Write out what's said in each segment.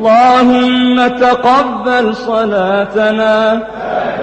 اللهم تقبل صلاتنا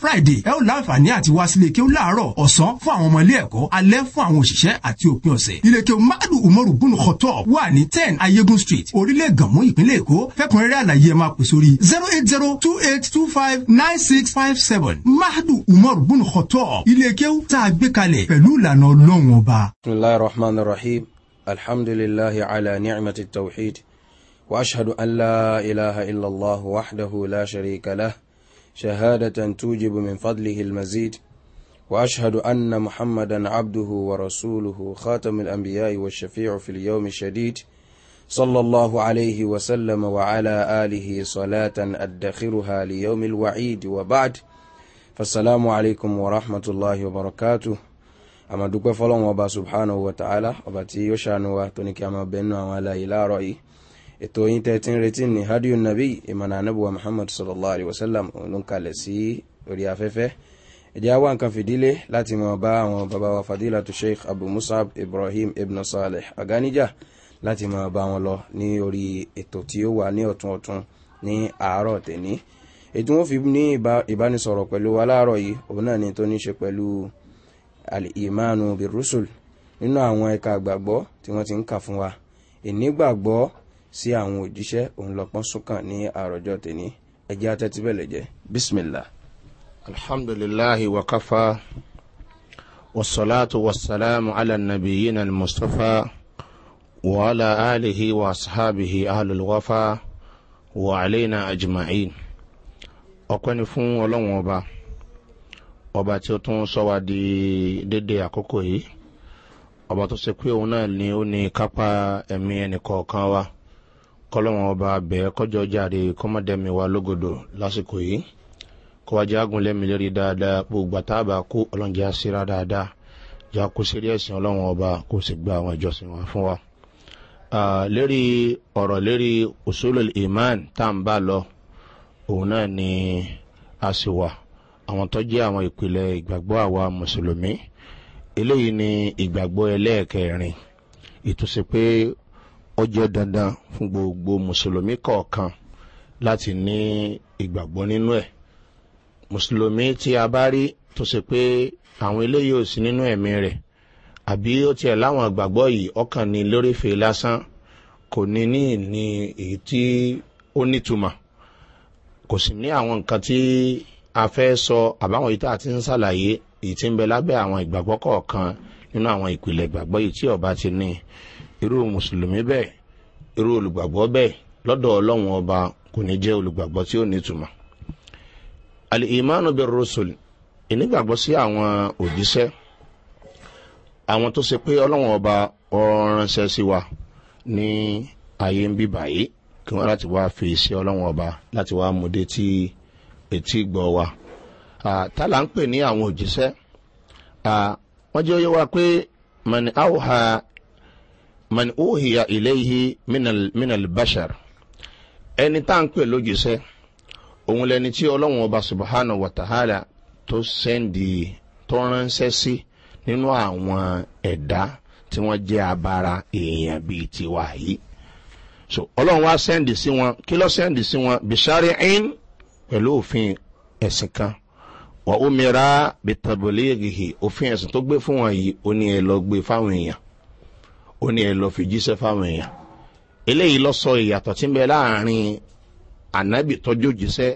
friday ẹ ó láǹfààní àti wá sílé kí ó láàárọ̀ ọ̀sán fún àwọn ọmọ ilé ẹ̀kọ́ alẹ́ fún àwọn òṣìṣẹ́ àti òpin ọ̀sẹ̀ ilé kí o madu umaru bunu kọtọ wà ní ten ayégun street orílẹ̀ gànmú ìpínlẹ̀ èkó fẹ́kùnrẹ́rẹ́ àlàyé ẹ máa pè sórí zero eight zero two eight two five nine six five seven madu umaru bunu kọtọ ilé kí ó tá a gbé kalẹ̀ pẹ̀lú ìlànà ọlọ́run ọba. bisimilayi rahman wa ashadu an la ilaha illallah wahdahu la sharika lah. شهادة توجب من فضله المزيد وأشهد أن محمدا عبده ورسوله خاتم الأنبياء والشفيع في اليوم الشديد صلى الله عليه وسلم وعلى آله صلاة أدخرها ليوم الوعيد وبعد فالسلام عليكم ورحمة الله وبركاته أما دوكو فلون وبا سبحانه وتعالى وباتي يشانوا تونيكي أما بيننا ولا إلى رأيه ètò yín tẹ́ ti ń retí ní hadiyu nabi ìmọ̀nà anábùwà muhammad sallallahu alayhi wa sallam òun ló ń kalẹ̀ sí orí afẹ́fẹ́ ẹ̀jẹ̀ àwọn nǹkan fìdílé láti mọ̀ bá àwọn baba wa fadila tu sheikh abu musab ibrahim ibn saleh aganija láti mọ̀ bá wọn lọ ní orí ètò tí ó wà ní ọ̀tún ọ̀tún ní àárọ̀ tẹ̀ní ètò wọn fi ní ìbánisọ̀rọ̀ pẹ̀lú aláàárọ̀ yìí òun náà ni tó ní ṣe pẹ̀lú alìmánu birusul nínú àwọn ẹ̀ka àgbàgbọ́ tí wọ́n ti ń kà fún wa ìnígbàgbọ́ sí àwọn òjíṣẹ́ òun lọ́pọ́n súnkàn ní àròjọ́ tèní ẹjẹ́ atẹ́tí bẹ̀lẹ̀ jẹ́ bisimilah. alhamdulilahi wa kafa wasalaatu wasalaamu ala nabiyyin al-mustapha wa ala alihi wa ashabihi ahlul wafa wa alayna ajma'in. ọ̀pẹ́ ni fún ọlọ́wọ́n ọba ọba tí ó tún sọ wá di dédé àkókò yìí ọba tó ṣe pé òun náà ni ó ní kápá ẹ̀mí ẹnìkọ̀ọ̀kan wa kọlọ́wọ́n ọba bẹ́ẹ̀ kọjọ jáde kọ́mọdẹ́mi wa lógodò lásìkò yìí kọwájú agunlẹ́mi lérí dáadáa gbogbo àtàbà kó ọlọ́njẹ́ àṣírà dáadáa jà kó sírí ẹ̀sìn ọlọ́wọ́n ọba kó sì gba àwọn ìjọsìn wa fún wa. lérí ọ̀rọ̀ lérí òṣòlò iman tá à ń bá lọ òun náà ni a sì wà àwọn tó jẹ́ àwọn ìpìlẹ̀ ìgbàgbọ́ àwa mùsùlùmí eléyìí ni ìgbàgbọ́ ẹlẹ́ẹ̀kẹrin ìtúsí pé ó jẹ́ dandan fún gbogbo mùsùlùmí kọ̀ọ̀kan láti ní ìgbàgbọ́ nínú ẹ̀ mùsùlùmí tí a bá rí tó ṣe pé àwọn eléyìí ò sí nínú ẹ̀mí rẹ̀ àbí ó tiẹ̀ láwọn ìgbàgbọ́ yìí ọkàn ní lórífèé lásán kò ní ní ní èyí tí ó nítumọ̀ kò sì ní àwọn nǹkan tí a fẹ́ sọ àbáwọn yìí tá a ti ń ṣàlàyé èyí tí ń bẹ lábẹ́ àwọn ìgbàgbọ́ kọ̀ọ̀kan nínú àwọn ìpìlẹ̀ ìgbàgbọ́ yìí tí ọba ti ní irú mùsùlùmí bẹ́ẹ̀ irú olùgbàgbọ́ bẹ́ẹ̀ lọ́dọ̀ ọlọ́run ọba kò ní jẹ́ olùgbàgbọ́ tí ó nítumọ̀ alìmánu bẹ rọ́sọ̀lì ìnígbàgbọ́ sí àwọn òjíṣẹ́ àwọn tó ṣe pé ọlọ́run ọba ọ̀ránṣẹ́ sí wa ní ayé ń bíbà yìí kí wọ́n láti wá fi iṣẹ́ ọlọ́run ọba láti wá mú dé tí etí gbọ́ wa tálà ń pè ní àwọn òjíṣẹ́ wọ́n jẹ́ ó yẹ wa pé mọ̀nì áwòhà man ohiya ilayhi minal, minal bashar ẹni tá à ń pè lójúṣẹ́ òun lẹni tí ọlọ́run ọba subahana wàtàhálà tó sẹ́ndì tó ránṣẹ́ sí nínú àwọn ẹ̀dá tí wọ́n jẹ́ abara èèyàn bíi tiwa yìí so ọlọ́run wá sẹ́ndì sí wọn kí ló sẹ́ndì sí wọn bishari in pẹ̀lú òfin ẹ̀sìn kan wà ó mìíràn bitaboligihi òfin ẹ̀sìn tó gbé fún wọn yìí ó ní ẹ lọ gbé fáwọn èèyàn ó ní ẹ lọ fi jíṣẹ́ fáwọn èèyàn eléyìí lọ sọ ìyàtọ̀ tí ń bẹ láàrin ànábì tọ́jú jíṣẹ́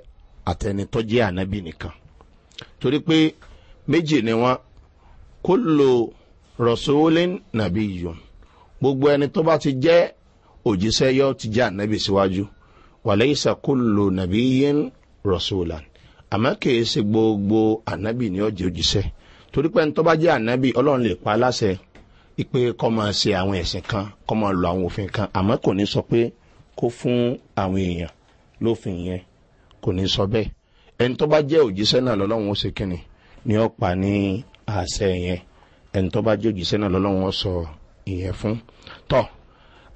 àtẹni tọ́jú ànábì nìkan torí pé méjì ni wọn kó lo rọ̀ṣọ́lẹ́ nàbí yòó gbogbo ẹni tó bá ti jẹ́ òjíṣẹ́ yọ ti jẹ́ ànábì síwájú wàlẹ́ ìsàkólo nàbí yín rọ̀ṣọ́lá àmọ́ kìí ṣe gbogbo ànábì ni ọjọ́ òjíṣẹ́ torí pé ẹni tó bá jẹ́ ànábì ọlọ́run lè pa aláṣẹ ipe kọ́ máa ṣe àwọn ẹ̀sìn kan kọ́ máa lo àwọn òfin kan àmọ́ kò ní sọ pé kó fún àwọn èèyàn lófin yẹn kò ní sọ bẹ́ẹ̀ ẹni tó bá jẹ́ òjíṣẹ́ náà lọ́lọ́run ó ṣe kínni ni ó pa ní àṣẹ yẹn ẹni tó bá jẹ́ òjíṣẹ́ náà lọ́lọ́run ó sọ ìyẹn fún tọ́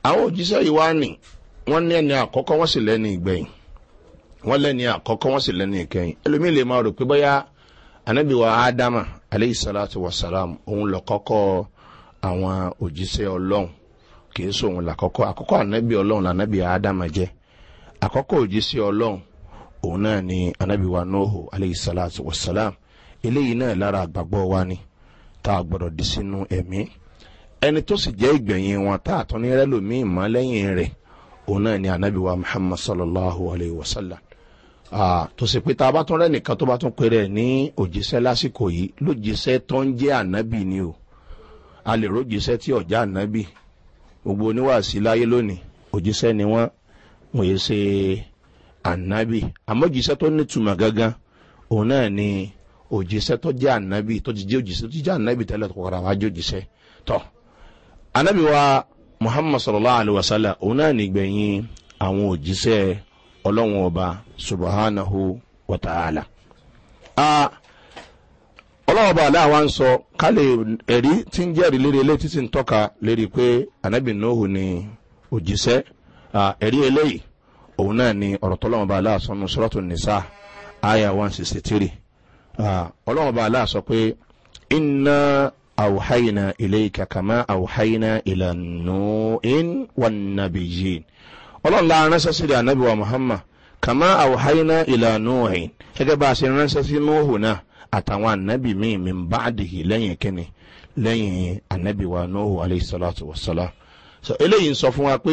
àwọn òjíṣẹ́ yìí wá nì wọ́n ní ẹni àkọ́kọ́ wọ́n sì lẹ́ni ìgbẹ̀yìn wọ́n lẹ́ni àkọ́kọ́ wọ́n sì lẹ́ni ìkẹyìn ẹlòmíì lè máa rò pé bóyá anábìwá ádámà aleyhisalatu wasalam òun lọ kọ́kọ́ ọ́ àwọn òjíṣẹ́ ọlọ́run kìí sóhun làkọ́kọ́ àkọ́kọ́ ànábì ọlọ́run lànábì ádámà jẹ́ àkọ́kọ́ òjíṣẹ́ ọlọ́run òun náà ni ànábì wa nóòhù aleyhi salatu wa salam eléyìí náà lára àgbàgbọ́ wa ni tá a gbọ́dọ̀ di sínú ẹ̀mí ẹni tó sì jẹ́ ìgbẹ̀yìn wọn tá a tún ní rẹ́lòmíì mọ́ lẹ́yìn rẹ̀ òun náà ni ànábì wa muhammad sallallahu alayhi wa sallam tó sì pé tá a bá tún rẹ́ nìkan tó bá tún péré ní òjíṣẹ́ lásìkò yìí lójíṣẹ́ tó ń jẹ́ ànábì ni o. Ah, a lè rójíṣẹ́ tí ọ̀já ànábì gbogbo oníwàásí láyé lónìí òjíṣẹ́ ni wọ́n wòye ṣe ànábì àmọ́jíṣẹ́ tó nítumọ̀ gangan òun náà ni òjíṣẹ́ tó jẹ́ ànábì tó ti jẹ́ òjíṣẹ́ tó ti jẹ́ ànábì tẹ́lẹ̀ tó kọ̀ọ̀rọ̀ wájú òjíṣẹ́ tọ́ ànábì wa muhammad sallallahu alayhi wa sallam òun náà nìgbẹ̀yìn àwọn òjíṣẹ́ ọlọ́wọ́n ọba subahánahu wa ta'ala ọlọ́wọ́ bá aláwa ń sọ ká lè ẹ̀rí tí ń jẹ́rìí lérí ilé títí ń tọ́ka lérí pé anabi nuhu ni òjíṣẹ́ ẹ̀rí eléyìí òun náà ni ọ̀rọ̀ tọ́lọ́wọ́ bá aláwa sọ nù sọ́rọ́tò nìsa aya one sixty three ọlọ́wọ́ bá aláwa sọ pé iná àwòháyìnà ilé kàkàmá àwòháyìnà ìlànà in wà nàbì yìí ọlọ́run la ránṣẹ́ sí anabi wa muhammad kàmá àwòháyìnà ìlànà òhìn gẹ́gẹ́ bá a ṣe ránṣẹ́ sí nuhu náà àtàwọn ànábì míì mi ń bá àdìhì lẹ́yìn kínní lẹ́yìn ànábì wa Salatu wa wasalam so eléyìí ń sọ fún wa pé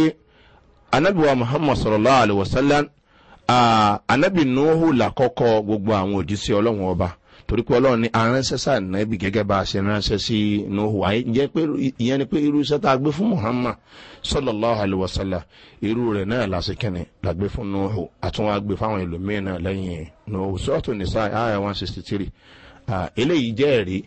ànábì wa muhammad sallallahu alayhi wa sallam ànábì nóhù làkọ́kọ́ gbogbo àwọn òjísé ọlọ́run ọba torí pé ọlọ́run ní aránṣẹ́ sànẹ́bì gẹ́gẹ́ bá a ṣe ránṣẹ́ sí nuhu àyẹ̀jẹ́ pé ìyẹn ni pé irú iṣẹ́ tá a gbé fún muhammad sallallahu alayhi wa sallam irú rẹ̀ náà làṣekẹ́ni la gbé fún nuhu àtúnwá gbé fáwọn ẹlòmíín náà lẹ́yìn nuhu sọ́ọ̀tù nìsa ayah one sixty three eléyìí jẹ́ ẹ̀rí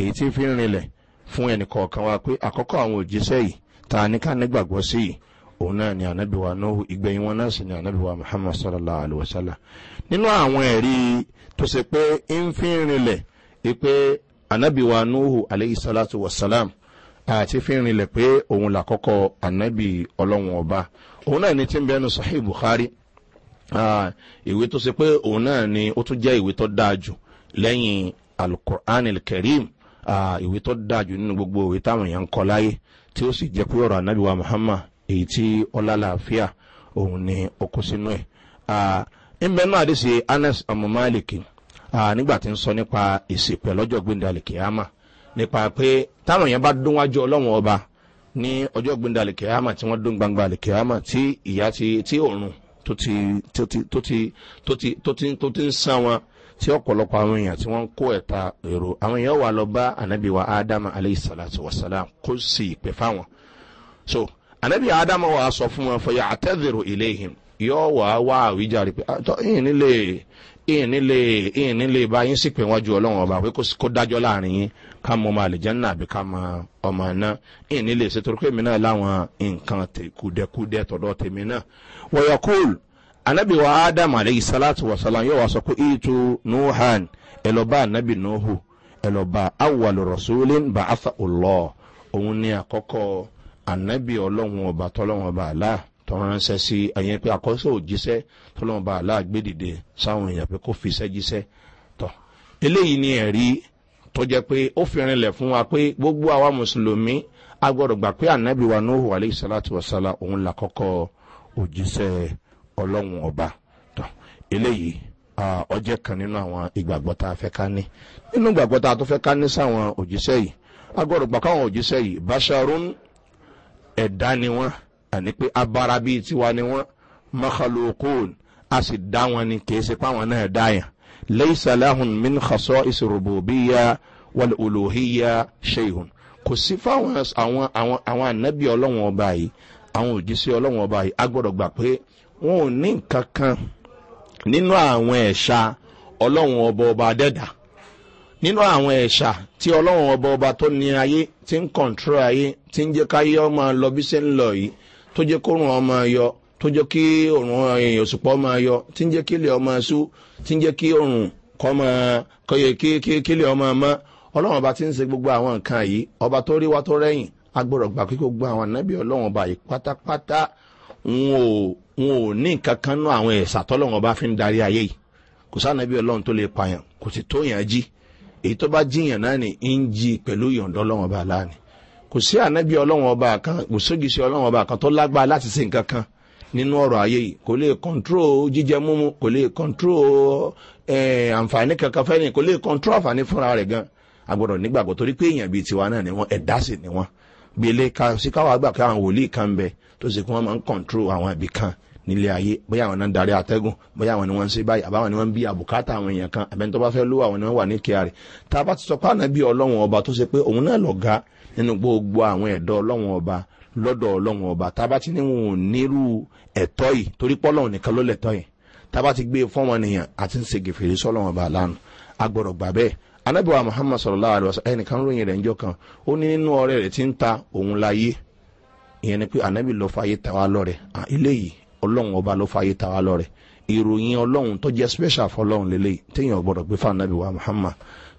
èyí tí fi ń rinlẹ̀ fún ẹnì kọ̀ọ̀kan wa pé àkọ́kọ́ àwọn òjíṣẹ́ yìí ta ní ká nígbàgbọ́ sí yìí òun náà ni anabi wa nuhu ìgbẹ̀yìn wọn náà sì ni anabi wa muhammad sallallahu alaihi wa sallam nínú àwọn ẹ̀rí tó ṣe pé ìfínrinlẹ̀ pé anabi wa nuhu alayhi salatu wa salam àti fínrinlẹ̀ pé òun làkọ́kọ́ anabi ọlọ́run ọba òun náà ni tí ń bẹnu sahih buhari ìwé tó ṣe pé òun náà ni ó tún jẹ́ ìwé tó dáa jù lẹ́yìn alukur'an alkarim ìwé tó dáa jù nínú gbogbo ìwé táwọn èèyàn ń kọ láyé tí ó sì jẹ́ pé ọ̀rọ̀ anabi wa muhammad èyí tí ọlálàáfíà òun ni okun sínú ẹ̀. ìmẹ́nu àdìsí anas amumaliki nígbà tí ń sọ nípa ìsìpẹ̀ lọ́jọ́ gbẹ̀ndàlì kìámà nípa pé táwọn yẹn bá dúnwájú ọlọ́wọ́n ọba ní ọjọ́ gbẹ̀ndàlì kìámà tí wọ́n dún gbangba lè kìámà tí ìyá tí òòrùn tó ti tó ti tó ti tó ti tó ti tó ti ń sán wọn tí ọ̀pọ̀lọpọ̀ àwọn èèyàn tí wọ́n ń kó ẹ̀ta èrò àwọn èèyàn wà lọ bá anabiwa adama aleyhisalatu wasalam kó sì ìpè fáwọn so anabi adam wa sọ fún wọn fọ yàtọ̀ tẹ́dẹ̀rù ilé yìí yọ wà wá àwíjàre pé àtọ ah, ìyìn nílé ìyìn nílé ìyìn nílé báyìí sì pé wájú ọlọ́run ọba pé kó dájọ́ láàrin yín ká mọ ọmọ àlìjánná àbí ká mọ ọmọ náà ìyìn nílé ṣètò pé èmi náà láwọn nǹkan kùdẹkùdẹ tọ̀dọ̀ tèmi náà wọ̀yọ̀kúl anabi wa adam aleyhi salatu wa salam yóò wá sọ pé ìtú nuhan ẹ anabi nuhu ẹ lọ bá awàlú rasulin ba'atha allah ni àkọ́kọ́ ànábì ọlọ́run ọba tọ́lọ́run ọba àlá tọ́ránṣẹ́ sí ẹ̀yẹn pé àkọ́sọ́ òjíṣẹ́ tọ́lọ́run ọba àlá gbédìde sáwọn èèyàn pé kó fi iṣẹ́ jíṣẹ́ tọ́ eléyìí ni ẹ̀rí tó jẹ́ pé ó fi rinlẹ̀ fún wa pé gbogbo àwa mùsùlùmí a gbà pé ànábì wa nóhù aleyhi salatu wa sala òun là kọ́kọ́ òjíṣẹ́ ọlọ́run ọba tọ́ eléyìí ọjẹ́ kan nínú àwọn ìgbàgbọ́ tá a fẹ́ ká ní nínú ìgbàgbọ́ tá a tó fẹ́ ká ní sáwọn òjíṣẹ́ yìí a gbọ́dọ̀ gbà káwọn òjíṣẹ́ yìí basharun ẹ̀dá ni wọ́n àní pé abara bíi tiwa ni wọ́n makhalokon a sì dá wọn ni kì í ṣe pàwọn náà dá yàn lẹ́yìn sàlàhùn min xasọ́ ìṣòrobo bíyà wàlú olóhìyà ṣẹ́yìn kò sí fáwọn àwọn àwọn àwọn ànábì ọlọ́wọ́n ọba yìí àwọn òjíṣẹ́ ọlọ́wọ́n ọba yìí a gbọ́dọ̀ gbà pé wọn ò ní nǹkan nínú àwọn ẹ̀ṣà ọlọ́wọ́n ọba ọba adẹ́dàá nínú àwọn ẹ̀ṣà tí ọlọ́run ọba ọba tó ní ayé tí ń kọ̀ǹtró ayé tí ń jẹ́ káyé ọmọ lọ bí ṣe ń lọ yìí tó jẹ́ kórun ọmọ yọ tó jẹ́ kí òrùn èèyàn òṣùpọ̀ ọmọ yọ tí ń jẹ́ kí ilẹ̀ ọmọ ṣú tí ń jẹ́ kí òrùn kọ́ mọ kọ́yẹ kí ilẹ̀ ọmọ mọ́ ọlọ́run ọba tí ń ṣe gbogbo àwọn nǹkan yìí ọba tó rí wa tó rẹ́yìn agbọ̀rọ̀ gbà pé gbogbo àwọn ànábì ọlọ́run ọba yìí èyí tó bá jiyàn náà ni ń jí pẹ̀lú ìyọ̀ǹdọ́ ọlọ́wọ́n bá láàánì kò sí ànábì ọlọ́wọ́n ọba kan kò ségìsì ọlọ́wọ́n ọba kan tó lágbára láti ṣe nǹkan kan nínú ọ̀rọ̀ ayé yìí kò lè kọ́ńtró jíjẹ múmu kò lè kọ́ńtró àǹfààní kankan fẹ́ ni kò lè kọ́ńtró àǹfààní fúnra rẹ̀ gan agbọ̀dọ̀ nígbàgbọ́ torí pé èèyàn bíi tiwa náà ni wọ́n ẹ̀dá sì ni wọ́n gbélé ká sí káwá gbà pé àwọn wòlíì kan bẹ tó sì kí wọ́n máa ń kọ́ńtró àwọn ibì kan nílé ayé bóyá àwọn náà darí atẹ́gùn bóyá àwọn ni wọ́n ń ṣe báyìí àbáwọn ni wọ́n ń bí àbùkátà àwọn èèyàn kan àbẹ́ni tó bá fẹ́ lówó àwọn ni wọ́n wà ní kíá rẹ̀ tá a bá ti sọ pé ànábì ọlọ́wọ̀n ọba tó ṣe pé òun náà lọ ga nínú gbogbo àwọn ẹ̀dọ́ ọlọ́wọ̀n ọba lọ́dọ̀ ọlọ́wọ̀n ọba tá a bá ti ní wọn ò nírú ẹ̀tọ́ yìí torí pọ́lọ́wọ̀n nìkan ló lẹ̀tọ́ yìí tá a bá ti ọlọ́run ọba ló fààyè ta wá lọ́rẹ̀ ìròyìn ọlọ́run tó jẹ́ special fọlọ́run lélẹ̀ téèyàn gbọ́dọ̀ pé fún anabi wa muhammad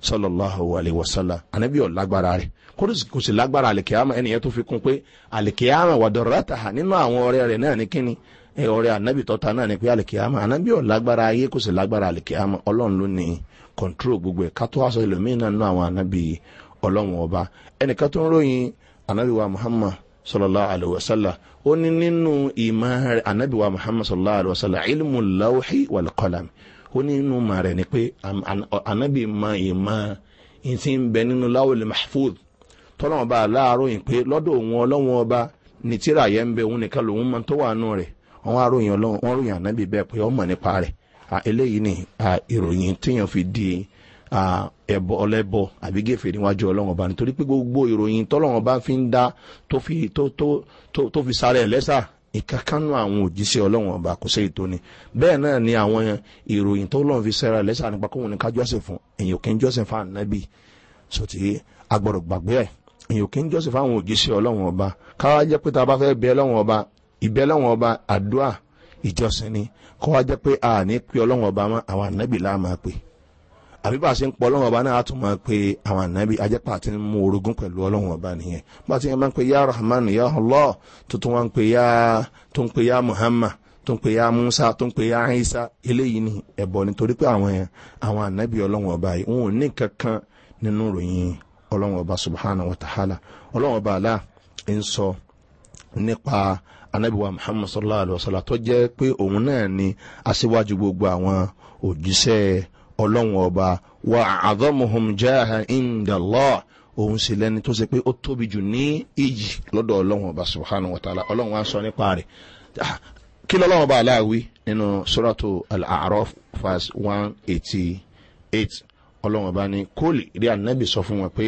sallallahu alayhi wa sallam anabi ọ̀ lágbára rẹ̀ kò sì lágbára àlèkèámà ẹnìyẹn tó fi kún pé àlèkèámà wà dọ̀rọ̀ ta nínú àwọn ọ̀rẹ́ rẹ̀ náà ní kíni ọ̀rẹ́ anabi tọ́ta náà ní pé àlèkèámà anabi ọ̀ lágbára ayé kò sì lágbára àlèkèámà ọlọ́run ló ní kọ̀ntró gbogbo ẹ̀ ká tó aṣọ ẹlòmíín náà nú àwọn anabi ọlọ́run ó ní nínú ìmọ̀ rẹ̀ anabiwa muhammad sallallahu alayhi wa sallam ilmu lawhi wal qalam ó ní nínú ìmọ̀ rẹ̀ ni pé anabi mọ ìmọ̀ ìtì ń bẹ nínú lawul mahfud tọ́lọ́wọ́n bá aláàròyìn pé lọ́dọ̀ òun ọlọ́wọ́n ọba ní tíra yẹn ń bẹ òun nìkan lòun mọ tó wà nù rẹ̀ wọ́n aróyìn ọlọ́wọ́n wọ́n ròyìn anabi bẹ́ẹ̀ pé ọmọ nípa rẹ̀ eléyìí ni ìròyìn téèyàn fi di ẹ̀bọ ọlẹ́bọ àbí gèfè níwájú ọlọ́run ọba nítorí pé gbogbo ìròyìn tọ́lọ́run ọba fi ń dá tó fi tó tó tó fi sáré lẹ́sà ìkankanú àwọn òjíṣẹ́ ọlọ́run ọba kò sẹ́yìn tó ni bẹ́ẹ̀ náà ni àwọn ìròyìn tọ́lọ́run fi sẹ́ra lẹ́sà nípa kóhun ní ká jọ́sìn fún èyàn kí ń jọ́sìn fún ànábì sọtí agbọ̀dọ̀ gbàgbé ẹ̀ èyàn kí ń jọ́sìn fún àwọn òjíṣẹ́ ọlọ́run ọba káwá jẹ́ pé tá a ìjọsìn ni kọ́wá jẹ́ pé àní pé ọlọ́run ọba àwọn ànábì láà máa àbí bá a ṣe ń pọ ọlọ́run ọba náà á tún máa pe àwọn ànábì ajẹ́pà àti mú orogún pẹ̀lú ọlọ́run ọba nìyẹn bá a ti máa ń pe ya rahman ya allah tó tún wá ń pe ya tó ń pe ya muhammad tó ń pe ya musa tó ń pe ya isa eléyìí ni ẹ̀bọ nítorí pé àwọn àwọn ànábì ọlọ́run ọba yìí wọn ò ní kankan nínú ròyìn ọlọ́run ọba subhanahu wa ta'ala ọlọ́run ọba àlá ń sọ nípa anabiwa muhammad sallallahu alaihi wa sallam tó jẹ́ pé òun náà ni aṣíwájú gbogbo àwọn òjíṣẹ́ ọlọ́run ọba wà àdọ́muhùn jáà ìndàlọ́ òun sì lẹni tó ṣe pé ó tóbi jù ní ìyì lọ́dọ̀ ọlọ́run ọba subhanahu wa ta'ala ọlọ́run wa ń sọ nípa rẹ̀ kí lọ́lọ́run ọba aláàwí nínú sọ́ràtò àárọ̀ fas one eighty eight ọlọ́run ọba ní kólì rí ànábì sọ fún wọn pé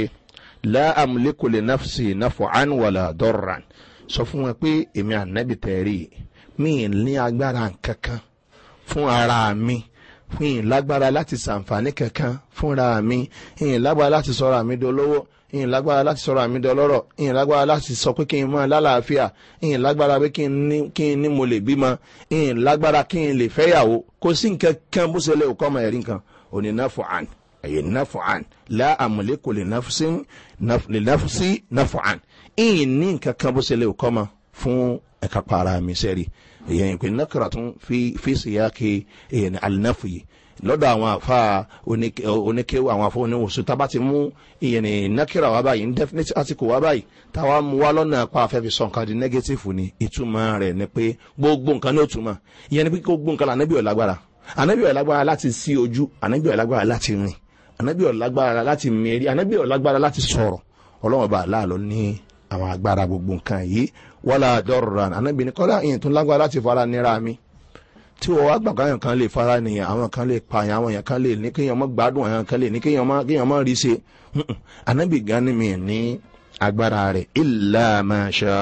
láàmúlékòlè náfsì náfọ̀ ánwàlà dọ́ran sọ fún wọn pé èmi ànábì tẹ̀rí mi ní agbára kankan fún ara mi ìyìn lágbára láti sàǹfààní kankan fúnra mi ìyìn lágbára láti sọ̀rọ̀ àmì dolówó ìyìn lágbára láti sọ̀rọ̀ àmì dọlọ́rọ̀ ìyìn lágbára láti sọ pé kí n máa lálàáfíà ìyìn lágbára pé kí n ní mo lè bímọ ìyìn lágbára kí n lè fẹ́yàwó kò sí nǹkan kan bó ṣe lè kọ́ ọmọ ẹ̀rí nǹkan òní náfọ̀ àn èyí náfọ̀ àn láàmúlé kò lè náfọ̀ sí náfọ̀ àn ìyìn ní nǹkan kan bó ṣe lè kọ́ ọmọ fún ẹ̀ka para mi sẹ́rí èyàn ìpè nàkàrà tún fi fi síyá ke èyàn àlìnàfù yìí lọ́dọ̀ àwọn àfa oníkéwò àwọn afọ oníwòsàn tá a bá ti mú ìyẹn nàkìrà wá báyìí indefinite article wá báyìí táwa mú wá lọ́nà apá afẹ́fi sọ di negative ni ìtumọ̀ rẹ̀ ni pé gbogbo nǹkan ló túmọ̀ ìyẹn ni pé gbogbo nǹkan là ànábìọ̀ lágbára ànábìọ̀ lágbára láti sí ojú ànábìọ̀ lágbára láti rìn ànábìọ̀ lágbára láti mẹ́rí ànábìọ̀ lágbára láti sọ̀rọ̀ ọlọ́wọ́n bá a láàlọ́ ní àwọn agbára gbogbo nǹkan yìí wọ́lá dọ́rọ̀rán ànábì ní kọ́lá ìyẹn tó lágbára láti fara nira mi tí wọ́n wá gbà káyọ̀ kan lè fara nìyẹn àwọn kan lè pààyàn àwọn èèyàn kan lè ní kéèyàn mọ́ gbádùn àwọn kan lè ní kéèyàn mọ́ kéèyàn mọ́ rí ṣe ànábì gan ni mi ní agbára rẹ̀ ilà màṣá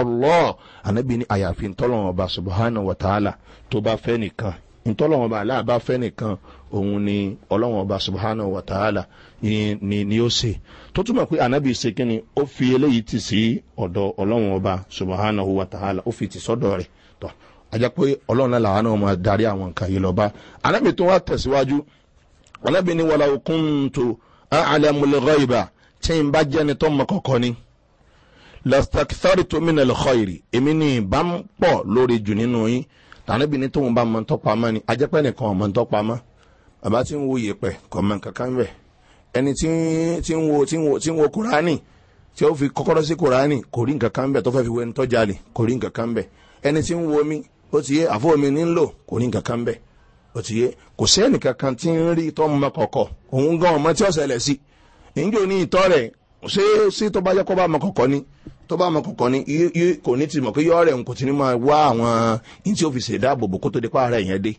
ọlọ́ ànábì ní àyàfi ntọ́lọ́wọ̀n ọba subahana wàtàlà tó bá fẹ́ nìkan ntọ́lọ́wọ̀n ọba aláàbá fẹ́ nìkan òun ni ọlọ́wọ́n ọba subahana wa ta'ala ni ni ni ó ṣe tó túmọ̀ pé anabi ṣe ni ó fi eléyìí ti sí ọ̀dọ̀ ọlọ́wọ́n ọba subahana wa ta'ala ó fi ti sọ́dọ̀ rẹ̀ tọ́ ajá pé ọlọ́run náà làwọn náà máa darí àwọn nǹkan yìí lọ́ba anabi tó wá tẹ̀síwájú anabi ni wàlá okun tó alamulẹ̀kọ́ ibà tí n bá jẹ́ni tó mọ kọ̀kọ́ ni lastakitari tó mi nàlẹ́ kọ́ìrì èmi ni ìbá ń pọ̀ lórí jù nínú yín tànàbí ni tóun bá mọ̀ ń tọ́pamọ́ ni ajẹ́pẹ́ nìkan ọ̀ mọ̀ ń tọ́pamọ́ bàbá tí ń wo yèpẹ̀ kọ̀mọ̀ kankan bẹ̀ ẹni tí ń wo tí ń wo tí ń wo kúránì tí ó fi kọ́kọ́rọ́ sí kúránì kò rí nǹkan kan bẹ̀ tó fẹ́ fi wẹni tọ́jà lè kò rí nǹkan kan bẹ̀ ẹni tí ń wo omi ó ti yé àfọ omi ní ń lò kò rí nǹkan kan bẹ̀ ó ti yé kò sí ẹnìkan kan tí ń rí tọ́ mọ kọ̀kọ̀ òun gan ọmọ tí ó ṣẹlẹ̀ sí ìjọ ní ìtọ́ rẹ̀ ṣé sí tó bá yẹ kó bá mọ kọ̀kọ̀ ni tó bá mọ kọ̀kọ̀ ni kò ní ti mọ̀ pé yọ́ rẹ̀ òun kò ti ní máa wá àwọn ní tí ó fi ṣèdáàbòbò kó tó dé pààrọ̀ yẹn dé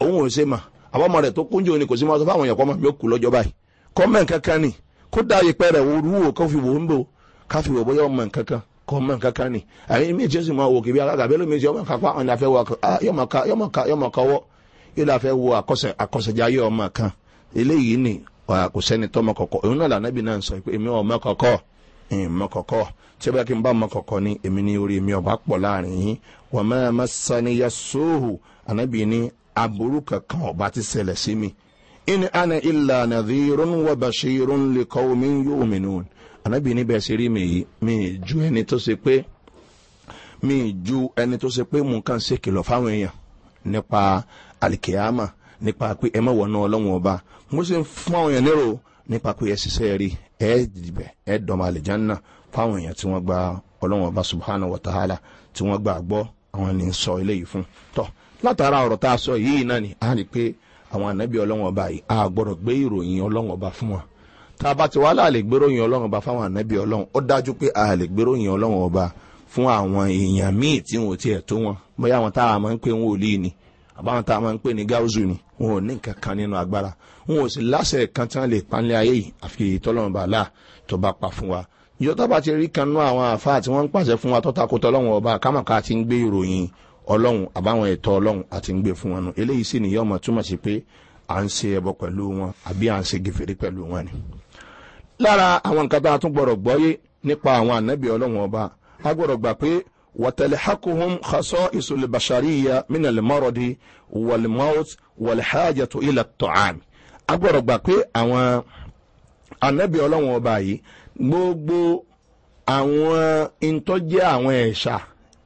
òun ò ṣe mà àbámọ rẹ tó kúnjẹ òní kò sí máa sọ fáwọn èèyàn kọ́ máa mi ó kú lọ́jọ́ báyìí kọ́mẹ̀ kankan ni kó dá ayé pẹ́ rẹ̀ wò rú wò kó fi wò ń bò ká fi wò bóyá ọmọ kankan kọ́mọ̀ kankan ni àyìn méjì ó sì máa wò kébí alága abẹ́lẹ́ méjì ọmọ kápá ọ̀nà àfẹ́ wọ yọmọ kọwọ́ yóò lọ fẹ́ wo àkọsẹ̀já yọ ọmọ kan eléyìí ni kò sẹ́ni tọ́mọ kọ̀kọ́ òun náà ni aburú kankan ọba ti ṣẹlẹ̀ sí mi in ana illa nadhirun wa bashirun li qaumin yu'minun anabi níbẹ̀ ṣe rí mi yìí mi ju ẹni tó ṣe pé mi ju ẹni tó ṣe pé mo kàn ṣe kìlọ̀ fáwọn èèyàn nípa alikiyama nípa pé ẹ má wọnú ọlọ́run ọba mo sì ń fún àwọn èèyàn lérò nípa pé ẹ ṣiṣẹ́ rí ẹ dìbẹ̀ ẹ dọ̀mọ̀ àlìjánná fáwọn èèyàn tí wọ́n gba ọlọ́run ọba subhanahu wa ta'ala tí wọ́n gbà gbọ́ àwọn ni ń sọ eléyìí fún tọ́ látara ọ̀rọ̀ tá a sọ yìí náà ni a rí pé àwọn ànábì ọlọ́wọ́n ọba yìí a gbọ́dọ̀ gbé ìròyìn ọlọ́wọ́n ọba fún wa tá a bá ti wá láàlè gbéròyìn ọlọ́wọ́n ọba fáwọn ànábì ọlọ́wọ́n ó dájú pé a lè gbéròyìn ọlọ́wọ́n ọba fún àwọn èèyàn míì tí wọn ò tiẹ̀ tó wọn bóyá àwọn tá a máa ń pè wọn ò lè ní àbáwọn tá a máa ń pè ní gáúzù ni wọn ò ní nǹkan kan nínú agbára wọn ò sì láṣẹ kan tí wọn lè panlé ayé yìí àfi tọ́lọ́run bá là tó bá pa fún wa ìjọ tá a ti rí kan nú àwọn àfa àti wọn ń pàṣẹ fún wa tó takò tọ́lọ́run ọba kámọ̀ká ti ń gbé ìròyìn ọlọ́run àbáwọn ẹ̀tọ́ ọlọ́run àti ń gbé fún wọn nù eléyìí sì nìyẹn ọmọ túmọ̀ sí pé à ń ṣe ẹbọ pẹ̀lú wọn àbí à ń ṣe gèfèrè pẹ̀lú wọn ni. lára àwọn nǹkan tá a tún gbọ́dọ̀ gbọ́yé nípa àwọn ànábì ọlọ́run ọba a gbọ́dọ̀ gbà pé wàtẹ̀lẹ̀ hakuhun xasọ́ ìsòlè bàṣàríyà mínàlè mọ́rọ̀dì wàlmọ́t wàlhàjàtò ilẹ̀ tọ́àmì a gbọ́dọ̀ gbà pé àwọn ànábì ọlọ́run ọba yìí gbogbo àwọn ìtọ́jẹ́ àwọn ẹ̀ṣà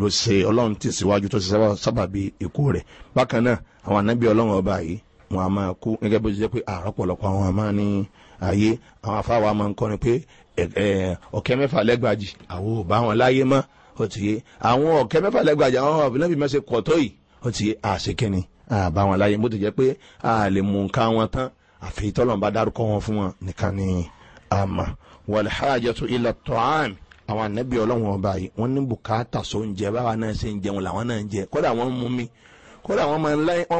ló ṣe ọlọ́run ti síwájú tó ṣe sábàbí ikú rẹ̀ bákan náà àwọn anábì ọlọ́run ọba yìí wọn a máa kú gẹ́gẹ́ bó ṣe jẹ́ pé àrọ́pọ̀lọpọ̀ àwọn a máa ní ayé àwọn afáwa máa ń kọrin pé ọ̀kẹ́ mẹ́fà lẹ́gbàjì àwọn ò bá wọn láyé mọ́ ó ti yé àwọn ọ̀kẹ́ mẹ́fà lẹ́gbàjì àwọn ọ̀bìnrin mẹ́sẹ̀ kọ̀ tó yìí ó ti yé àṣekẹ́ni àbá wọn láyé bó ti jẹ́ pé a lè mú nǹkan wọn tán àfi tọ́lọ́n bá dárúkọ wọn fún wọn nìkan ni àmà wàlẹ́ hajj tó ilẹ̀ tó àmì àwọn ànábì ọlọ́wọ́ ọba yìí wọ́n ní bùkátà sóúnjẹ báwa náà ṣe ń jẹun làwọn náà ń jẹ kódà wọ́n mú mi kódà wọ́n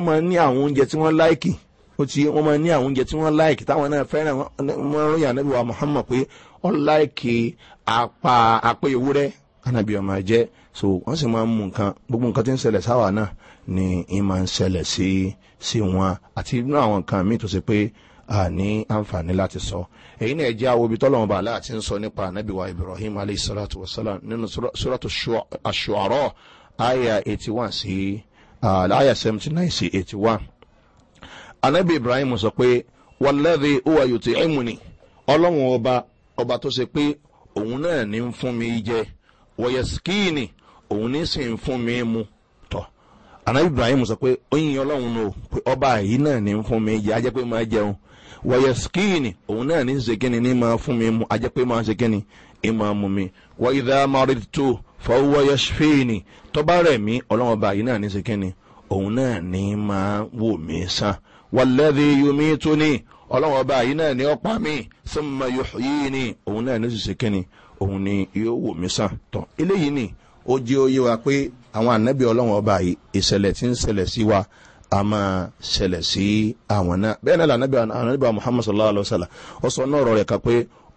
máa ní àwọn oúnjẹ tí wọ́n láìkì ó ti wọ́n máa ní àwọn oúnjẹ tí wọ́n láìkì táwọn náà fẹ́ràn wọ́n ròyìn ànábì wa muhammad pé ó láìkì apá apá ewúrẹ́ so wọ́n sì máa ń mú nǹkan gbogbo nǹkan tí ń wọn àti inú àwọn nǹkan míì a ní àǹfààní láti sọ èyí náà jẹ́ àwọn ibi tọ́lọ́wọ́n bá aláàtí ń sọ nípa anábìwá ibrahim aleyhisalatu wasalam nínú sọ́rọ́tò aṣọ́ọ̀rọ̀ àyà 81 sí àyà 79 sí 81 anábì ibrahim sọ pé wàlẹ́dì uwa yóò ti ẹ̀mù ni ọlọ́wọ́n ọba ọba tó ṣe pé òun náà ní ń fún mi jẹ wọ̀yẹ̀ skíìnì òun ní sì ń fún mi mu anabi ibrahim sọ pé oyin ọlọrun o pé ọba yìí náà ní fún mi jẹ ajẹ pé máa jẹun wàyẹ̀skíìnì òun náà ní ṣègínì ní máa fún mi mu ajẹ́ pé máa ṣègínì ní máa mú mi wà ìdá márìtò fọwọ́ yẹsfíìnì tọ́ba rẹ̀ mí ọlọ́wọ́n bá yìí náà ní ṣègínì òun náà ní máa wò mí sàn wàlẹ́dí yomi tó ní ọlọ́wọ́n bá yìí náà ní ọ̀pá mi sọ́mọ yìí ní òun náà ní ṣègínì òun ni yóò wò mí sàn tán eléyìí ni ó jẹ́ òye wa pé àwọn ànábì ọlọ́wọ́n yìí ìṣẹ̀lẹ̀ ti ń ṣẹlẹ̀ sí wa a máa ṣẹlẹ̀ sí àwọn náà bẹ́ẹ̀ náà lànà bí wa muhammad sallallahu alayhi wa sallam ó sọ náà ọ̀rọ̀ rẹ̀ pé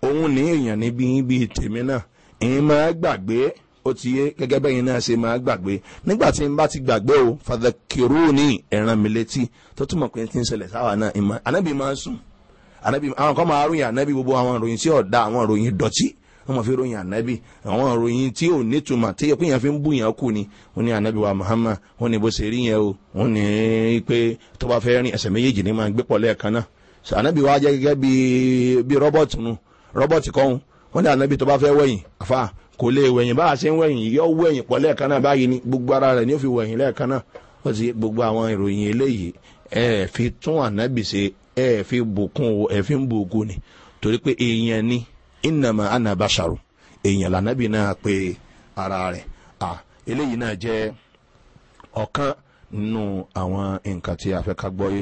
òun ní èèyàn níbi bíi tèmi náà èyí máa gbàgbé ó ti yé gẹgẹ bẹ́yìn náà ṣe máa gbàgbé nígbà tí n bá ti gbàgbé o father kiruni ẹ̀ràn mi létí tó túmọ̀ pé ti ń ṣẹlẹ̀ sáwà náà ìmọ̀ anabi máa ń sùn àwọn gbogbo àwọn ìròyìn tí ọ̀dà àwọn wọn mọ̀ fi ròyìn ànábì àwọn òròyìn tí ò nítumọ̀ tí yẹpẹ́ yẹn fi ń bù yẹn kù ni wọn ní ànábì wa muhammad wọn ní bó ṣe rí yẹn o wọn ní pé tó bá fẹ́ rìn ẹsẹ̀ méjèèjì ni máa gbé pọ̀ lẹ́ẹ̀kan náà so wa jẹ́ gẹ́gẹ́ bí bí nu robert kọ́hún wọn ní ànábì tó bá fẹ́ wẹ̀yìn àfa kò lè wẹ̀yìn bá a ṣe ń wẹ̀yìn yọ wẹ̀yìn pọ̀ lẹ́ẹ̀kan náà báyìí ni gbogbo ara rẹ̀ ni ó fi wẹ̀yìn lẹ́ẹ̀kan náà ó ti gbogbo àwọn ìròyìn eléyìí ẹ fi tún ànábì ṣe ẹ fi bùkún ẹ fi ń bùkún ni torí pé èèyàn ni ìnàmà ana bàṣàrò èèyàn lànàbì náà pé ara rẹ̀ à eléyìí náà jẹ́ ọ̀kan nínú àwọn nǹkan tí a fẹ́ ká gbọ́ yé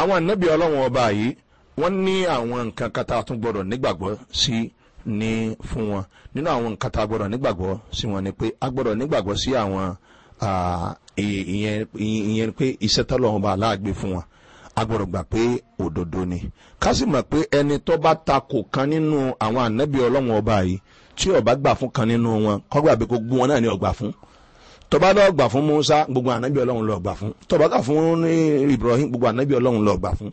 àwọn ànábì ọlọ́wọ́n ọba yìí wọ́n ní àwọn nǹkan kata tún gbọ́dọ̀ nígbàgbọ́ sí ní fún wọn nínú àwọn nǹkan tá a gbọ́dọ̀ nígbàgbọ́ sí wọn ni pé a gbọ́dọ̀ nígbàgbọ́ sí àwọn ìyẹn pé iṣẹ́ tọ́lọ́wọ́n ọba aláàgbé fún wọn agbọ́dọ̀ gbà pé òdodo ni ká sì mọ̀ pé ẹni tó bá takò kan nínú àwọn ànábì ọlọ́run ọba yìí tí ọba gbà fún kan nínú wọn kọ́gbà bí kò gún wọn náà ní ọgbà fún tọba lọ gbà fún musa gbogbo ànábì ọlọ́run lọ gbà fún tọba gbà fún ibrahim gbogbo ànábì ọlọ́run lọ gbà fún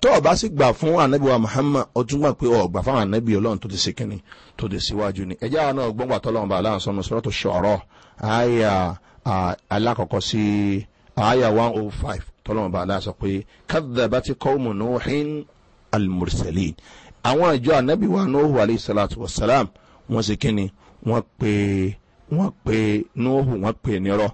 tọba sì gbà fún ànábì wa muhammad ó tún gbà pé ọ gbà fún ànábì ọlọ́run tó ti ṣe kínní tó ti síwájú ni ẹjẹ́ àwọn náà gbọ́ngbà tọ́lọ́run bá aláǹsọ mi sọ́rọ́ tó ṣọ̀rọ̀ àyà alákọ̀ọ́kọ́ sí àyà one oh five tọ́lọ́mọba aláṣọ pé kádàbá ti kọ́ọ̀mù nùhìn almursalin àwọn àjọ anabi wa nuhu alayhi salatu wa salam wọ́n sì kíni wọ́n pe wọ́n pe nuhu wọ́n pe nírọ́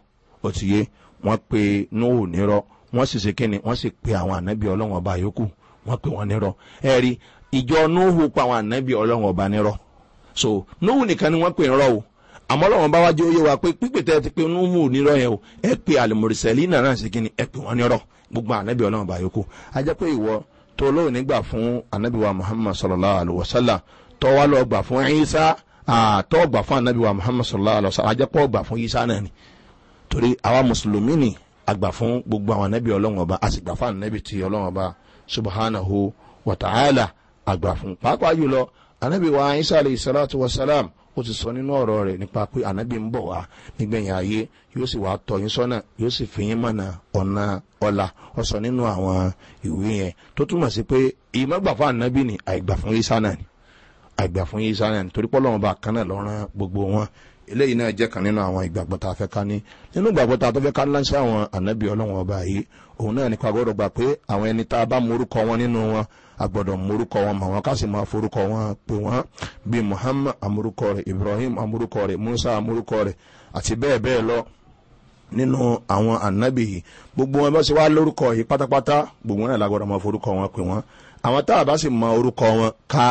òtíye wọ́n pe nuhu nírọ́ wọ́n sì sì kíni wọ́n sì pe àwọn anabi ọlọ́wọ́n ọba yòókù wọ́n pe wọ́n nírọ́ ẹ̀rí ìjọ nuhu pa àwọn anabi ọlọ́wọ́n ọba nírọ́ so nuhu nìkan ni wọ́n pe nírọ́ o àmọ́ ọlọ́run bá wá jẹ́ oyé wa pé pípè tẹ́ ti pé ń mú nírọ̀ yẹn o ẹ pé àlùmọ̀rìsẹ̀lì náà náà ṣe kíni ẹ pè wọ́n nírọ̀ gbogbo ànábì ọlọ́run bá a jẹ́ pé ìwọ tó olóhùn nígbà fún ànábì wa muhammad sallallahu alayhi wa sallam tó wá lọ gbà fún ẹ̀yìnsá tó gbà fún ànábì wa muhammad sallallahu alayhi wa sallam a jẹ́ pé ó gbà fún ẹ̀yìnsá náà ni torí àwa mùsùlùmí ni a gbà fún gbogbo àwọn ànábì ọlọ́run ọba subhanahu wa ta'ala a gbà fún pàápàá jùlọ ànábì wa ó ti sọ nínú ọ̀rọ̀ rẹ̀ nípa pé ànábì ń bọ̀ wá nígbẹ̀yìn ayé yóò sì wá tọ̀ yín sọ́nà yóò sì fi yín mọ̀nà ọ̀nà ọ̀la ó sọ nínú àwọn ìwé yẹn tó túmọ̀ sí pé ìmọ̀gbà fún ànábì ni àìgbà fún yísà náà ni àìgbà fún yísà náà ni torí pọ́lọ́mọba kan náà lọ́rán gbogbo wọn eléyìí náà jẹ́ kan nínú àwọn ìgbàgbọ́ tá a fẹ́ ká ní nínú ìgbàgbọ́ tá a tó fẹ́ ká ńlá sí àwọn ànábì ọlọ́wọ́n ọba yìí òun náà nípa gbọ́dọ̀ gbà pé àwọn ẹni tá a bá morúkọ wọn nínú wọn a morúkọ wọn mọ̀ wọn ká sì máa forúkọ wọn pé wọ́n bíi muhammed amorúkọ rẹ̀ ibrahim amorúkọ rẹ̀ musa amorúkọ rẹ̀ àti bẹ́ẹ̀ bẹ́ẹ̀ lọ nínú àwọn ànábì yìí gbogbo wọn bá ṣe wá lórúkọ yìí pátápátá gbogbo wọn náà lágbọ́dọ̀ máa forúkọ wọn pé wọ́n àwọn tá a bá sì mọ orúkọ wọn ká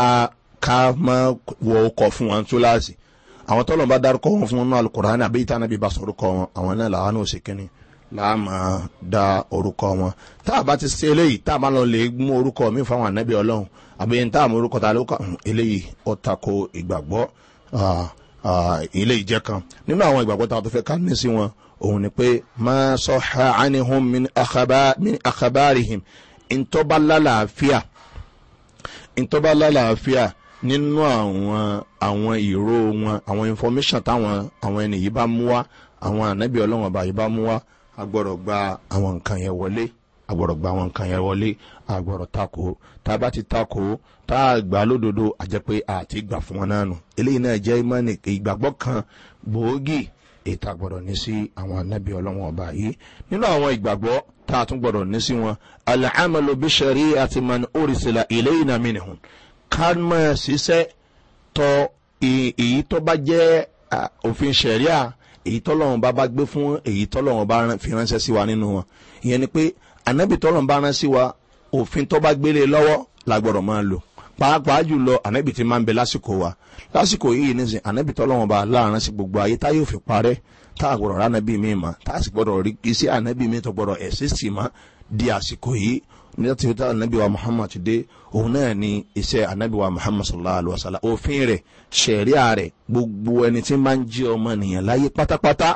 ká máa wọ ọkọ̀ fún wọn tó àwọn tọ́lọ̀ bá dárúkọ wọn fún wọn alukur'an àbí ìtàn àbí bá sọ̀rọ̀ kọ wọn àwọn náà làwọn náà ṣe kínní láàmà da orúkọ wọn tá a bá ti ṣe eléyìí tá a bá lọ lè mú orúkọ mi fáwọn ànábì ọlọ́run àbí tá a mú orúkọ ta ló kà eléyìí ó tako ìgbàgbọ́ ilé ìjẹ kan nínú àwọn ìgbàgbọ́ tá a tó fẹ́ ká ní sí wọn òun ni pé máa sọ ha anihun min akabarihim ntọ́ba lálàáfíà ntọ́ba lálàáfíà nínú àwọn àwọn ìró wọn àwọn information táwọn àwọn ẹni yìí bá mú wá àwọn ànábì ọlọ́wọ̀n bá yìí bá mú wá a gbọ́dọ̀ gba àwọn nǹkan yẹn wọlé a gbọ́dọ̀ gba àwọn nǹkan yẹn wọlé a gbọ́dọ̀ takò tá a bá ti takò tá a gbà lódodo a jẹ́ pé a ti gbà fún wọn náà nù eléyìí náà jẹ́ imani ìgbàgbọ́ kan gbòógì ètò àgbọ̀dọ̀ ní sí àwọn ànábì ọlọ́wọ̀n ọba yìí nínú àwọn ìgbàgbọ́ tá a tún gbọ́dọ̀ ní sí wọn alẹ́ àmàlò bíṣẹ̀rí àti man orísìlá ilé ìnàmínìhùn ká máa ṣiṣẹ́ tọ èyí tó bá jẹ́ òfin ṣẹ̀ríà èyí tọ́lọ́run bá bá gbé fún èyí tọ́lọ́run bá fi ránṣẹ́ sí wa nínú wọn ìyẹn ni pé ànábì tọ́lọ́run bá ránṣẹ́ sí wa òfin tó bá gbélé lọ́wọ́ la gbọ́dọ̀ máa lò pàápàá jùlọ ànábì ti máa ń bẹ lásìkò wa lásìkò yìí nísìnyí ànábì tọ́lọ́run bá láàrin sí gbogbo ayé táyé òfin parẹ́ tá a gbọ́dọ̀ ránàbì mi mà tá a sì gbọ́dọ̀ rí iṣẹ́ ànábì mi tó gbọ́dọ̀ ẹ̀ sì mà di àsìkò yìí nígbà tí fita anabi wa muhammad de dé òun náà ni iṣẹ́ anabi wa muhammad sallallahu alayhi wa sallam òfin rẹ̀ sẹ̀ríà rẹ̀ gbogbo ẹni tí máa ń jí ọmọ nìyẹn láyé pátápátá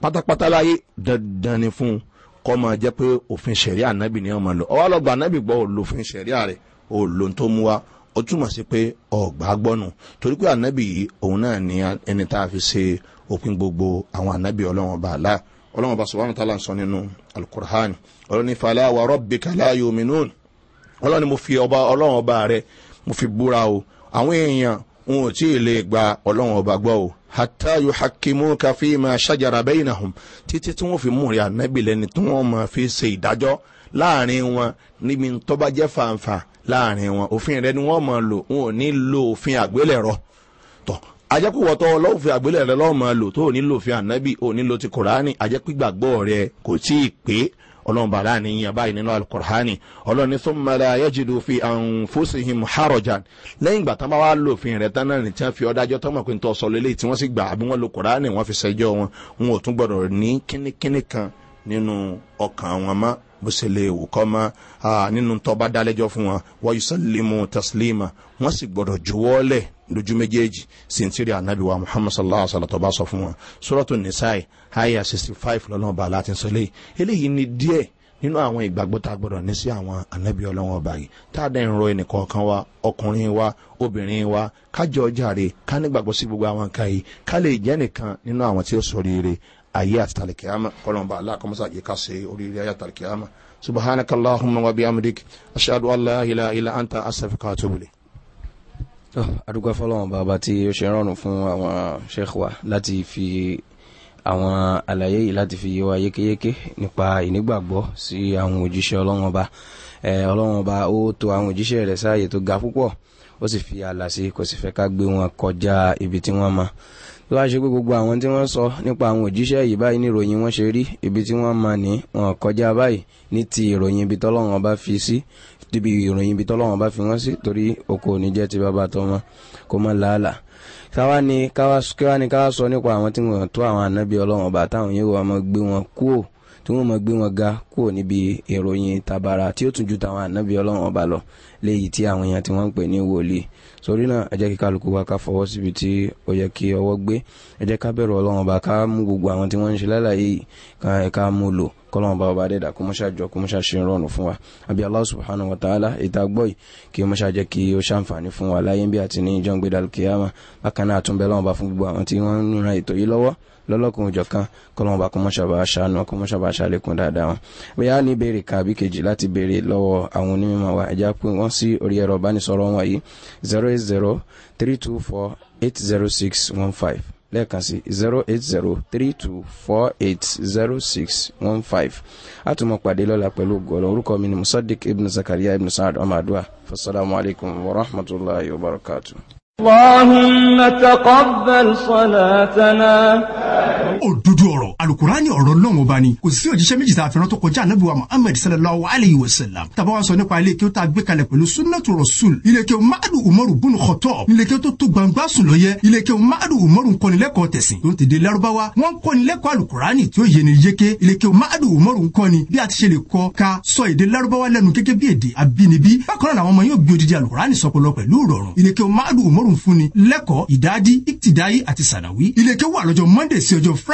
pátápátá láyé dandan ni fún un kọ́ máa jẹ́ pé òfin sẹ̀ríà anabi ni wọ́n máa lò ọwọ́ lọ́gbà anabi gbọ́ òlòfin sẹ̀ríà rẹ̀ òlò tó mú wa ó túmọ̀ sí pé ọ̀gbà gbọ́nù torí pé anabi yìí òun náà ni ẹni tá a fi ṣe òpin gbogbo àwọn anabi ọlọ́wọ́n bá a lá ọlọ́wọ́n bá sọ wọn tálà ọlọ́ni falẹ́ àwọ̀ rọ́bì kàláyé òmìnún ọlọ́ni mo fi ọba ọlọ́run ọba rẹ mo fi búra o àwọn èèyàn wọn ò tí ì lè gba ọlọ́run ọba gbọ́ o hata yu hakimu kafi ma ṣàjàrà bẹ́yìn náà títí tí wọ́n fi mú rí anábì lẹ́ni tí wọ́n máa fi ṣe ìdájọ́ láàrin wọn níbi tó bá jẹ́ fàǹfà láàrin wọn òfin rẹ ni wọ́n máa lò wọn ò ní lo òfin àgbélẹ̀rọ tọ́ ajẹ́pẹ̀wọ̀tọ́ ọlọ́ọ̀fẹ́ àgbélẹ̀rọ lọ́ọ́ máa lò tó ò ní lò òfin ànábì ò ní lo ti kùránì ajẹ́pẹ̀gbàgbọ́ rẹ kò tí ì pé ọlọ́run bàálà ní yàn báyìí nínú alukur'ani ọlọ́run ní sọ́mọ́ mẹ́ra ayẹ́jìdò fi àwọn fósìhìn harajan lẹ́yìn ìgbà tán bá wá lòfin rẹ̀ tán náà ní tí wọ́n fi ọdájọ́ tán mọ̀ pé tó sọ lélẹ́yìí tí wọ́n sì gbà àbí wọ́n lo kùránì wọ́n fi ṣẹjọ́ wọn wọn ò tún gbọ́dọ̀ ní kínníkínní kan nínú ọkàn wọn mọ́ bó ṣe lè wò kọ́ mọ́ nínú tọ́ba dálẹ́jọ́ fún wọn wọ́n yìí sọ́lẹ́mù tẹ́sílẹ́mà wọ́n sì gbọ́dọ̀ juwọ́lẹ̀ muhammad sallallahu alaihi wa sallam tọ́ba sọ fún wọn sọ́rọ́tò nisai aya sixty five lọ́nà ọba láti sọ lé eléyìí ni díẹ̀ nínú àwọn ìgbàgbọ́ tá a gbọ́dọ̀ ní sí àwọn ànábì ọlọ́wọ́n ọba yìí tá a dẹ́n ro ẹnìkọ̀ọ̀kan wa ọkùnrin wa obìnrin wa kájọ ọjà rè ká nígbàgbọ́ sí gbogbo àwọn nǹkan yìí ká lè jẹ́ nìkan nínú àwọn tí ó sọ rere ayé àti tàlìkìyàmà kọlọmba aláàkọmọsá yìí ká ṣe oríire ayé àti tàlìkìyàmà subhanaka allahumma wa bihamdik ashadu allah ila ila anta asafika atubule. Oh, adúgbò fọlọ́wọ́n bàbá tí ó ṣe rọrùn fún àwọn sheikh wa láti fi àwọn àlàyé yìí láti fi yé wa yékéyéké nípa ìnígbàgbọ́ sí àwọn òjíṣẹ́ ọlọ́wọ́n ọba ọlọ́wọ́n ọba ó to àwọn òjíṣẹ́ rẹ̀ sáàyè tó ga púpọ̀ ó sì fi àlà sí kò sì fẹ́ ká gbé wọn kọjá ibi tí wọ́n mọ ló wá ṣe pé gbogbo àwọn tí wọ́n sọ nípa àwọn òjíṣẹ́ yìí báyìí ní ìròyìn wọn ṣe rí ibi tí wọ́n máa ní wọn kọjá báyìí ní ti ìròyìn ibi tọ́lọ́wọ́n bá fi sí níbi ìròyìn ibi tọ́lọ́wọ́n bá fi wọ́n sí torí oko ò ní jẹ́ ti bàbá tọmọ kó mọ́ làálà káwá ni káwá sọ nípa àwọn tí wọ́n tó àwọn ànábì ọlọ́wọ́n bá táwọn yóò wá mọ́ gbé wọn kúò tí wọ́n mọ̀ gbé wọn ga kúrò níbi ìròyìn tabara tí ó tún ju tàwọn ànábì ọlọ́run ọba lọ léyìí tí àwọn èèyàn tí wọ́n ń pè ní wòlíì sórí náà ẹ jẹ́ kí kálukú wa ká fọwọ́ síbi tí ó yẹ kí ọwọ́ gbé ẹ jẹ́ ká bẹ̀rù ọlọ́run ọba ká mú gbogbo àwọn tí wọ́n ń ṣe lálàyé ká mú lò kọlọ́wọ́n bá ọba dẹ́dà kó mọ́ṣá jọ kó mọ́ṣá ṣe rọrùn fún wa àbí aláwọ̀ subhanahu wa ta'ala ìta gbọ́ yìí kí ó mọ́ṣá jẹ́ kí ó ṣàǹfààní fún wa láyé bí àti ní ìjọ́ ń bákan náà àtúnbẹ́lọ́wọ́n bá fún gbogbo àwọn tí wọ́n ń ran ètò yìí lọ́wọ́ lọ́lọ́kùnrin òjọ̀ kan kọ́lọ́mù bá kọ́mọ́ṣàbà aṣáánú kọ́mọ́ṣàbà aṣáálẹ́kùn dáadáa wọn. bóyá ní ìbéèrè kan àbí kejì láti béèrè lọ́wọ́ àwọn onímọ̀ wa ẹ̀já pé wọ́n sí orí ẹ̀rọ ìbánisọ̀rọ̀ wọn yìí zero eight zero three two four eight zero six one five lẹ́ẹ̀kan sí zero eight zero three two four eight zero six one five àtúmọ̀ pàdé lọ́la pẹ̀lú gọ́lọ̀ orúkọ mi ni musadik ibn zakaria ibn sa'ad ọmọdúà fasalaamu alaykum wa rahmatulahi wa barakatu. اللهم òdodo ọ̀rọ̀ alukurani ọ̀rọ̀ lọ́wọ́n ọba ni kò sí òjíṣẹ́ méjì tá a fẹ́ràn tó kọjá anabi wa muhammed sallallahu alayhi wa sallam tàbá wa sọ nípa ilé kí ó tá gbé kalẹ̀ pẹ̀lú sunnatu rasul ilé kí madu umaru bunu kọtọ ilé kí ó tó tó gbangba sùn lọ yẹ ilé kí madu umaru nkọ́nilẹ́kọ̀ọ́ tẹ̀sìn tó ń tẹ̀dé larubawa wọ́n nkọ́nilẹ́kọ̀ọ́ alukurani tí ó yẹ ni yeke ilé kí umaru nkọ́ni bí a ka sọ èdè larubawa lẹ́nu gẹ́gẹ́ bí èdè abínibí bákan alukurani sọpọlọ pẹ̀lú ìrọ̀rùn ilé kí ó umaru nfúnni lẹ́kọ̀ọ́ ìdádi ìtìdáyé àti sànàwí ilé kí ó wà lọ́jọ́ monday sí ọjọ́ fr